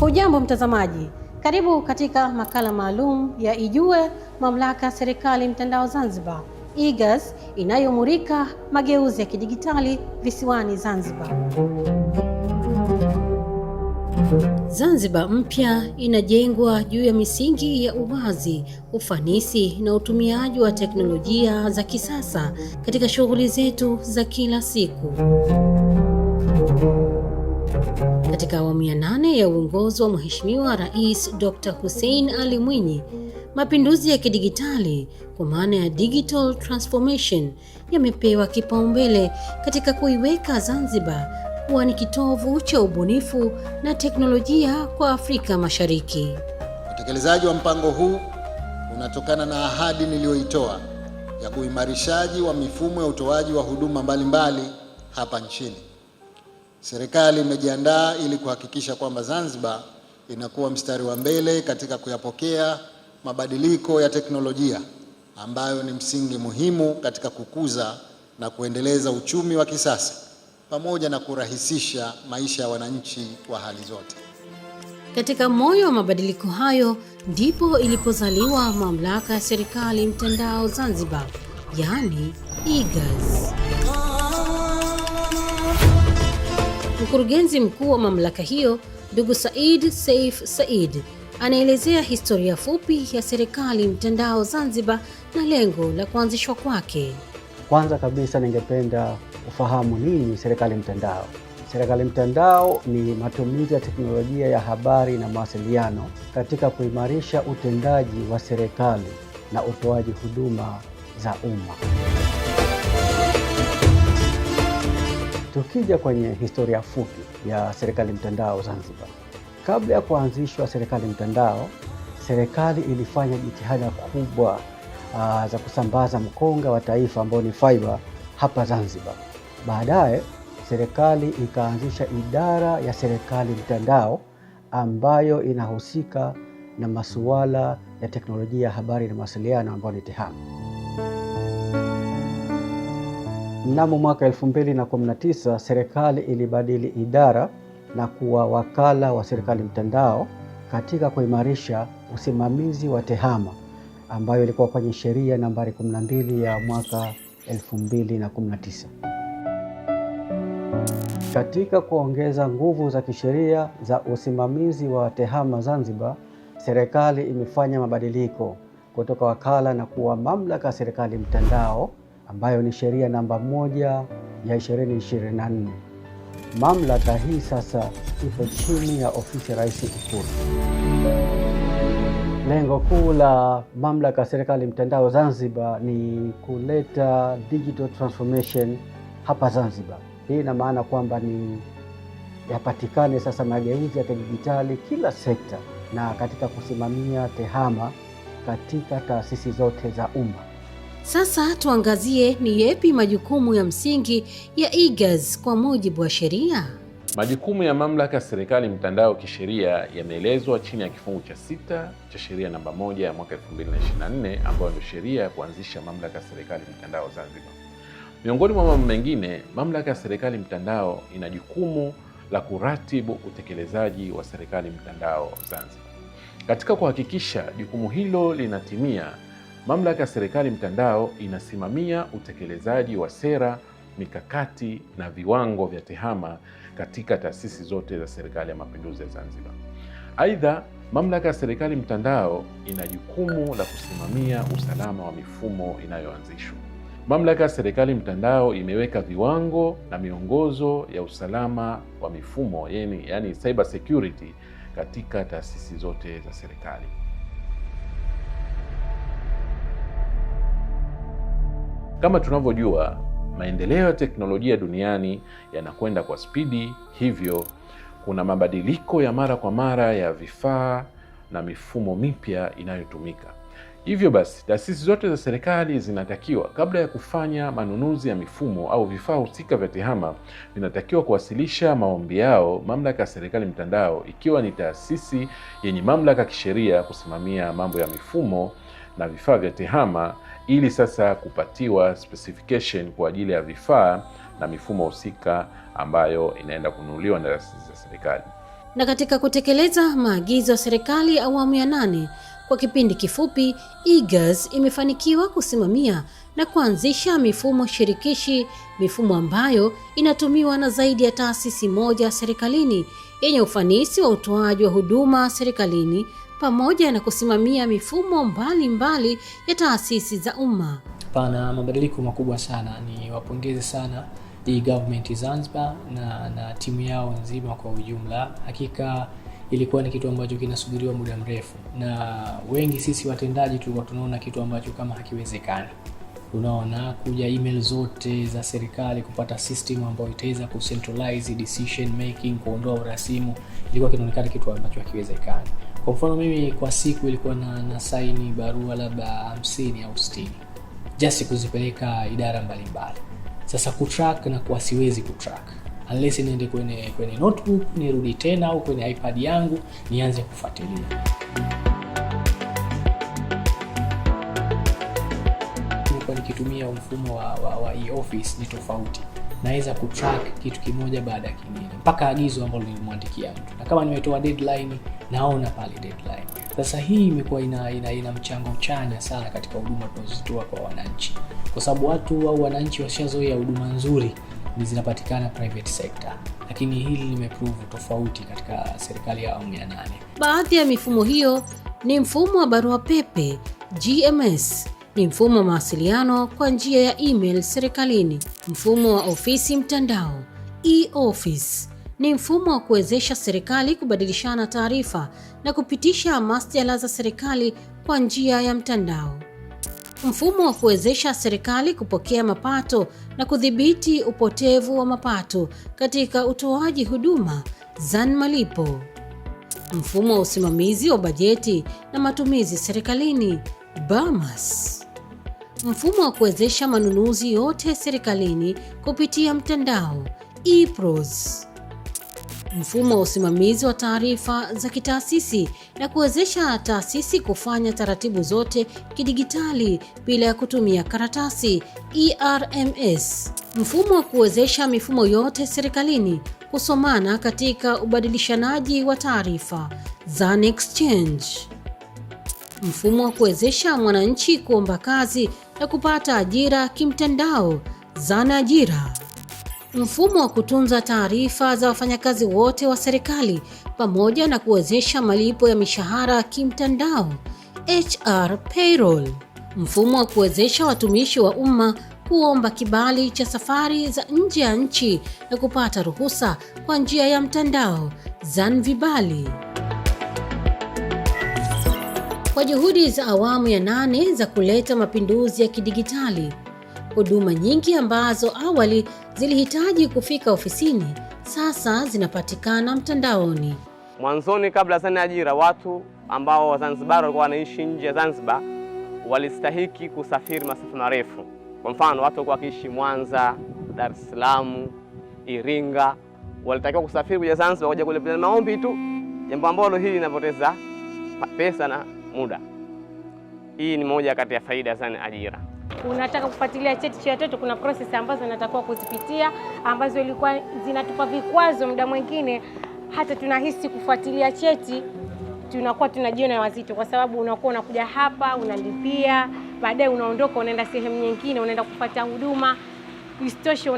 Hujambo mtazamaji, karibu katika makala maalum ya Ijue Mamlaka ya Serikali Mtandao Zanzibar IGAZ inayomurika mageuzi ya kidigitali visiwani Zanzibar. Zanzibar mpya inajengwa juu ya misingi ya uwazi, ufanisi na utumiaji wa teknolojia za kisasa katika shughuli zetu za kila siku. Katika awamu ya nane ya uongozi wa Mheshimiwa Rais Dr. Hussein Ali Mwinyi, mapinduzi ya kidigitali kwa maana ya digital transformation yamepewa kipaumbele katika kuiweka Zanzibar kuwa ni kitovu cha ubunifu na teknolojia kwa Afrika Mashariki. Utekelezaji wa mpango huu unatokana na ahadi niliyoitoa ya uimarishaji wa mifumo ya utoaji wa huduma mbalimbali hapa nchini. Serikali imejiandaa ili kuhakikisha kwamba Zanzibar inakuwa mstari wa mbele katika kuyapokea mabadiliko ya teknolojia ambayo ni msingi muhimu katika kukuza na kuendeleza uchumi wa kisasa pamoja na kurahisisha maisha ya wananchi wa hali zote. Katika moyo wa mabadiliko hayo ndipo ilipozaliwa mamlaka ya serikali mtandao Zanzibar, yaani eGAZ. Mkurugenzi mkuu wa mamlaka hiyo ndugu Said Saif Said anaelezea historia fupi ya serikali mtandao Zanzibar na lengo la kuanzishwa kwake. Kwanza kabisa, ningependa ufahamu nini serikali mtandao. Serikali mtandao ni matumizi ya teknolojia ya habari na mawasiliano katika kuimarisha utendaji wa serikali na utoaji huduma za umma. Tukija kwenye historia fupi ya serikali mtandao Zanzibar, kabla ya kuanzishwa serikali mtandao, serikali ilifanya jitihada kubwa uh, za kusambaza mkonga wa taifa ambao ni fiber hapa Zanzibar. Baadaye serikali ikaanzisha idara ya serikali mtandao ambayo inahusika na masuala ya teknolojia ya habari na mawasiliano ambayo ni TEHAMA. Mnamo mwaka 2019 serikali ilibadili idara na kuwa wakala wa serikali mtandao katika kuimarisha usimamizi wa tehama ambayo ilikuwa kwenye sheria nambari 12 ya mwaka 2019. Katika kuongeza nguvu za kisheria za usimamizi wa tehama Zanzibar, serikali imefanya mabadiliko kutoka wakala na kuwa mamlaka ya serikali mtandao ambayo ni sheria namba moja ya 2024. Mamlaka hii sasa ipo chini ya ofisi ya Rais Ikulu. Lengo kuu la mamlaka ya serikali mtandao Zanzibar ni kuleta digital transformation hapa Zanzibar. Hii ina maana kwamba ni yapatikane sasa mageuzi ya kidijitali kila sekta na katika kusimamia tehama katika taasisi zote za umma. Sasa tuangazie ni yepi majukumu ya msingi ya IGAZ kwa mujibu wa sheria. Majukumu ya mamlaka ya serikali mtandao kisheria yameelezwa chini ya kifungu cha sita cha sheria namba moja ya mwaka 2024 ambayo ndio sheria ya kuanzisha mamlaka ya serikali mtandao Zanzibar. Miongoni mwa mambo mengine, mamlaka ya serikali mtandao ina jukumu la kuratibu utekelezaji wa serikali mtandao Zanzibar. Katika kuhakikisha jukumu hilo linatimia Mamlaka ya Serikali Mtandao inasimamia utekelezaji wa sera, mikakati na viwango vya TEHAMA katika taasisi zote za Serikali ya Mapinduzi ya Zanzibar. Aidha, Mamlaka ya Serikali Mtandao ina jukumu la kusimamia usalama wa mifumo inayoanzishwa. Mamlaka ya Serikali Mtandao imeweka viwango na miongozo ya usalama wa mifumo yani, yani cyber security katika taasisi zote za serikali. Kama tunavyojua, maendeleo ya teknolojia duniani yanakwenda kwa spidi, hivyo kuna mabadiliko ya mara kwa mara ya vifaa na mifumo mipya inayotumika. Hivyo basi, taasisi zote za serikali zinatakiwa, kabla ya kufanya manunuzi ya mifumo au vifaa husika vya TEHAMA, vinatakiwa kuwasilisha maombi yao mamlaka ya serikali mtandao, ikiwa ni taasisi yenye mamlaka kisheria kusimamia mambo ya mifumo na vifaa vya TEHAMA ili sasa kupatiwa specification kwa ajili ya vifaa na mifumo husika ambayo inaenda kununuliwa na taasisi za serikali. Na katika kutekeleza maagizo ya serikali awamu ya nane kwa kipindi kifupi, IGAS imefanikiwa kusimamia na kuanzisha mifumo shirikishi, mifumo ambayo inatumiwa na zaidi ya taasisi moja serikalini yenye ufanisi wa utoaji wa huduma serikalini pamoja na kusimamia mifumo mbalimbali mbali ya taasisi za umma. Pana mabadiliko makubwa sana, ni wapongeze sana hii government Zanzibar na, na timu yao nzima kwa ujumla. Hakika ilikuwa ni kitu ambacho kinasubiriwa muda mrefu, na wengi sisi watendaji tulikuwa tunaona kitu ambacho kama hakiwezekani. Unaona, kuja email zote za serikali kupata system ambayo itaweza ku centralize decision making, kuondoa urasimu, ilikuwa kinaonekana kitu ambacho hakiwezekani. Kwa mfano mimi kwa siku ilikuwa na saini barua labda hamsini au sitini just kuzipeleka idara mbalimbali. Sasa kutrack na kuwa siwezi kutrack unless niende kwenye kwenye notebook nirudi tena au kwenye iPad yangu nianze kufuatilia. Nilikuwa nikitumia mfumo wa, wa, wa e-office ni tofauti naweza kutrack kitu kimoja baada ya kingine mpaka agizo ambalo nilimwandikia mtu, na kama nimetoa deadline naona pale deadline. Sasa hii imekuwa ina, ina, ina mchango chanya sana katika huduma tunazozitoa kwa wananchi, kwa sababu watu au wananchi washazoea huduma nzuri zinapatikana private sector, lakini hili limeprove tofauti katika serikali ya awamu ya nane. Baadhi ya mifumo hiyo ni mfumo wa barua pepe GMS ni mfumo wa mawasiliano kwa njia ya email serikalini. Mfumo wa ofisi mtandao e-office ni mfumo wa kuwezesha serikali kubadilishana taarifa na kupitisha masuala za serikali kwa njia ya mtandao. Mfumo wa kuwezesha serikali kupokea mapato na kudhibiti upotevu wa mapato katika utoaji huduma za malipo. Mfumo wa usimamizi wa bajeti na matumizi serikalini BAMAS mfumo wa kuwezesha manunuzi yote serikalini kupitia mtandao ePROS, mfumo wa usimamizi wa taarifa za kitaasisi na kuwezesha taasisi kufanya taratibu zote kidigitali bila ya kutumia karatasi ERMS, mfumo wa kuwezesha mifumo yote serikalini kusomana katika ubadilishanaji wa taarifa Exchange, mfumo wa kuwezesha mwananchi kuomba kazi ya kupata ajira kimtandao, Zana Ajira, mfumo wa kutunza taarifa za wafanyakazi wote wa serikali pamoja na kuwezesha malipo ya mishahara kimtandao, HR Payroll, mfumo wa kuwezesha watumishi wa umma kuomba kibali cha safari za nje ya nchi na kupata ruhusa kwa njia ya mtandao, Zanvibali. Kwa juhudi za awamu ya nane za kuleta mapinduzi ya kidigitali, huduma nyingi ambazo awali zilihitaji kufika ofisini sasa zinapatikana mtandaoni. Mwanzoni, kabla sana ajira, watu ambao Wazanzibari walikuwa wanaishi nje ya Zanzibar walistahiki kusafiri masafa marefu. Kwa mfano, watu walikuwa wakiishi Mwanza, Dar es Salaam, Iringa, walitakiwa kusafiri kuja Zanzibar kuja kule maombi tu, jambo ambalo hili linapoteza pesa na muda. Hii ni moja kati ya faida za ajira. Unataka kufuatilia cheti cha watoto, kuna process ambazo natakiwa kuzipitia ambazo ilikuwa zinatupa vikwazo muda mwingine, hata tunahisi kufuatilia cheti tunakuwa tunajiona wazito, kwa sababu unakuwa unakuja hapa unalipia, baadaye unaondoka unaenda sehemu nyingine, unaenda kupata huduma. Isitoshe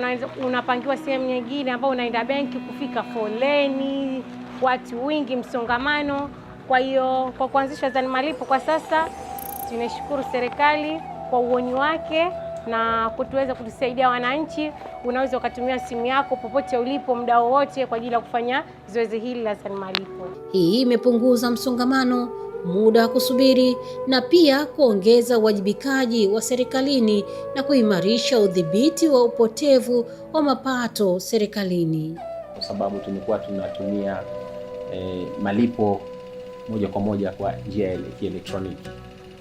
unapangiwa sehemu nyingine ambayo unaenda benki, kufika foleni, watu wengi, msongamano. Kwa hiyo kwa kuanzisha ZAN malipo kwa sasa, tunashukuru serikali kwa uoni wake na kutuweza kutusaidia wananchi. Unaweza ukatumia simu yako popote ulipo muda wowote kwa ajili ya kufanya zoezi hili la ZAN malipo. Hii imepunguza msongamano, muda wa kusubiri na pia kuongeza uwajibikaji wa serikalini na kuimarisha udhibiti wa upotevu wa mapato serikalini, kwa sababu tumekuwa tunatumia eh, malipo moja kwa moja kwa njia ya kielektroniki.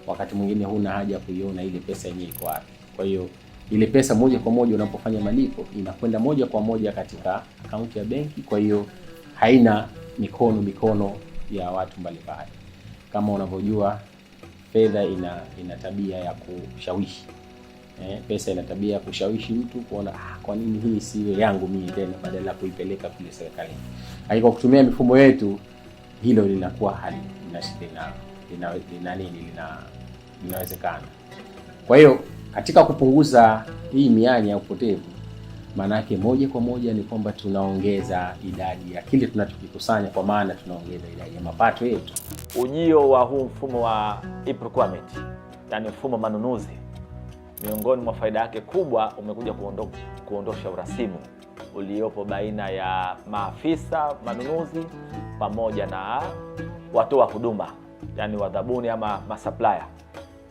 Wakati mwingine huna haja kuiona ile pesa yenyewe iko wapi. Kwa hiyo ile pesa moja kwa moja unapofanya malipo inakwenda moja kwa moja katika akaunti ya benki, kwa hiyo haina mikono mikono ya watu mbalimbali. Kama unavyojua fedha ina ina tabia ya kushawishi eh, pesa ina tabia ya kushawishi mtu kuona ah, kwa nini hii siyo yangu mimi tena, badala ya kuipeleka kule serikalini. Lakini kwa kutumia mifumo yetu hilo linakuwa hali lina, lina, lina, nini lina, linawezekana. Kwa hiyo katika kupunguza hii mianya ya upotevu, maana yake moja kwa moja ni kwamba tunaongeza idadi ya kile tunachokikusanya, kwa maana tunaongeza idadi ya mapato yetu. Ujio wa huu mfumo wa e-procurement, yani mfumo manunuzi, miongoni mwa faida yake kubwa umekuja kuondo, kuondosha urasimu uliopo baina ya maafisa manunuzi pamoja na watoa huduma, yani wadhabuni ama masupplier.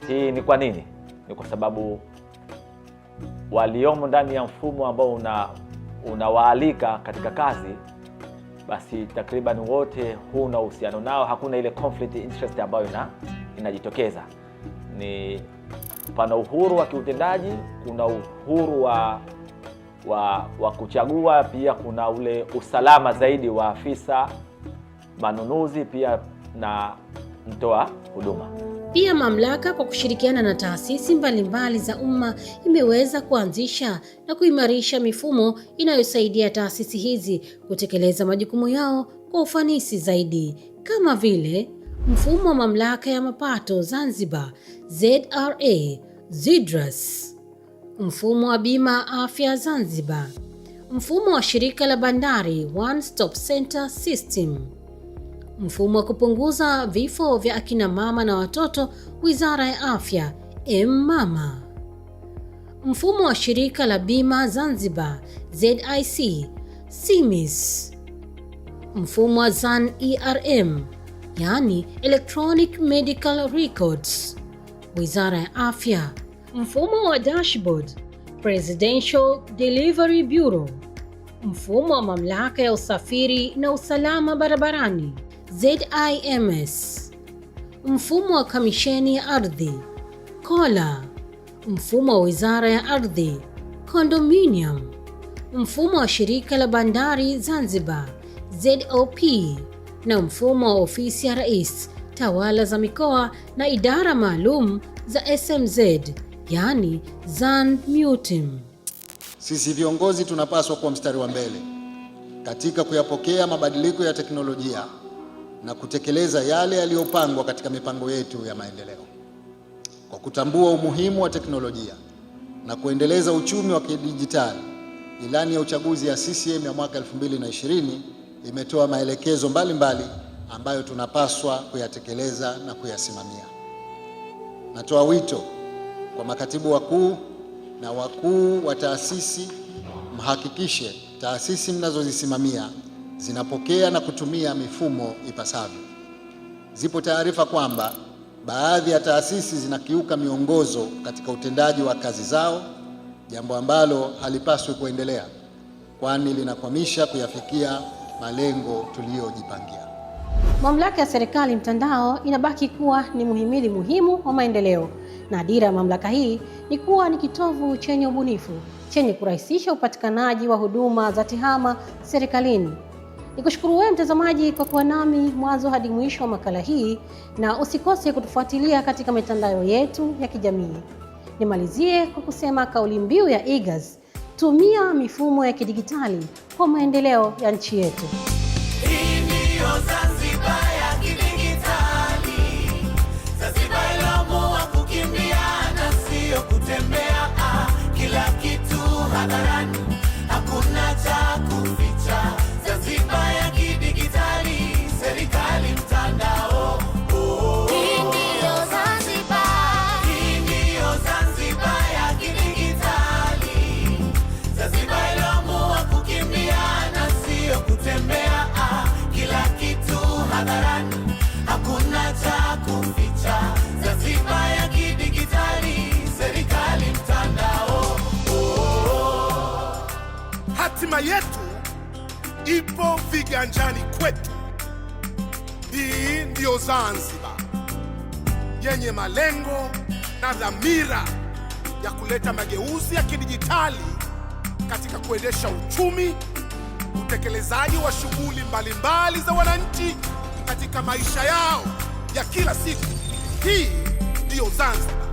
Hii ni kwa nini? Ni kwa sababu waliomo ndani ya mfumo ambao una unawaalika katika kazi, basi takriban wote huna uhusiano nao, hakuna ile conflict interest ambayo ina, inajitokeza. Ni pana uhuru wa kiutendaji, kuna uhuru wa wa, wa kuchagua. Pia kuna ule usalama zaidi wa afisa manunuzi pia na mtoa huduma. Pia mamlaka kwa kushirikiana na taasisi mbalimbali za umma imeweza kuanzisha na kuimarisha mifumo inayosaidia taasisi hizi kutekeleza majukumu yao kwa ufanisi zaidi, kama vile mfumo wa mamlaka ya mapato Zanzibar ZRA, ZIDRAS Mfumo wa bima afya Zanzibar, mfumo wa shirika la bandari One Stop Center System, mfumo wa kupunguza vifo vya akina mama na watoto Wizara ya Afya M-Mama, mfumo wa shirika la bima Zanzibar ZIC SIMIS, mfumo wa Zan ERM yani Electronic Medical Records Wizara ya Afya mfumo wa dashboard, Presidential Delivery Bureau, mfumo wa mamlaka ya usafiri na usalama barabarani ZIMS, mfumo wa kamisheni ya ardhi KOLA, mfumo wa wizara ya ardhi condominium, mfumo wa shirika la bandari Zanzibar ZOP, na mfumo wa ofisi ya rais, tawala za mikoa na idara maalum za SMZ yani Zan-Mutim. Sisi viongozi tunapaswa kuwa mstari wa mbele katika kuyapokea mabadiliko ya teknolojia na kutekeleza yale yaliyopangwa katika mipango yetu ya maendeleo. Kwa kutambua umuhimu wa teknolojia na kuendeleza uchumi wa kidijitali, ilani ya uchaguzi ya CCM ya mwaka 2020 imetoa maelekezo mbalimbali mbali ambayo tunapaswa kuyatekeleza na kuyasimamia. Natoa wito kwa makatibu wakuu na wakuu wa taasisi, mhakikishe taasisi mnazozisimamia zinapokea na kutumia mifumo ipasavyo. Zipo taarifa kwamba baadhi ya taasisi zinakiuka miongozo katika utendaji wa kazi zao, jambo ambalo halipaswi kuendelea, kwani linakwamisha kuyafikia malengo tuliyojipangia. Mamlaka ya Serikali Mtandao inabaki kuwa ni muhimili muhimu wa maendeleo na dira ya mamlaka hii ni kuwa ni kitovu chenye ubunifu chenye kurahisisha upatikanaji wa huduma za TEHAMA serikalini. Nikushukuru wewe mtazamaji kwa kuwa nami mwanzo hadi mwisho wa makala hii, na usikose kutufuatilia katika mitandao yetu ya kijamii. Nimalizie kwa kusema kauli mbiu ya IGAS, tumia mifumo ya kidigitali kwa maendeleo ya nchi yetu. kutembea, ah, kila kitu hadharani Hatima yetu ipo viganjani kwetu. Hii ndiyo Zanzibar yenye malengo na dhamira ya kuleta mageuzi ya kidijitali katika kuendesha uchumi, utekelezaji wa shughuli mbalimbali za wananchi katika maisha yao ya kila siku. Hii ndiyo Zanzibar.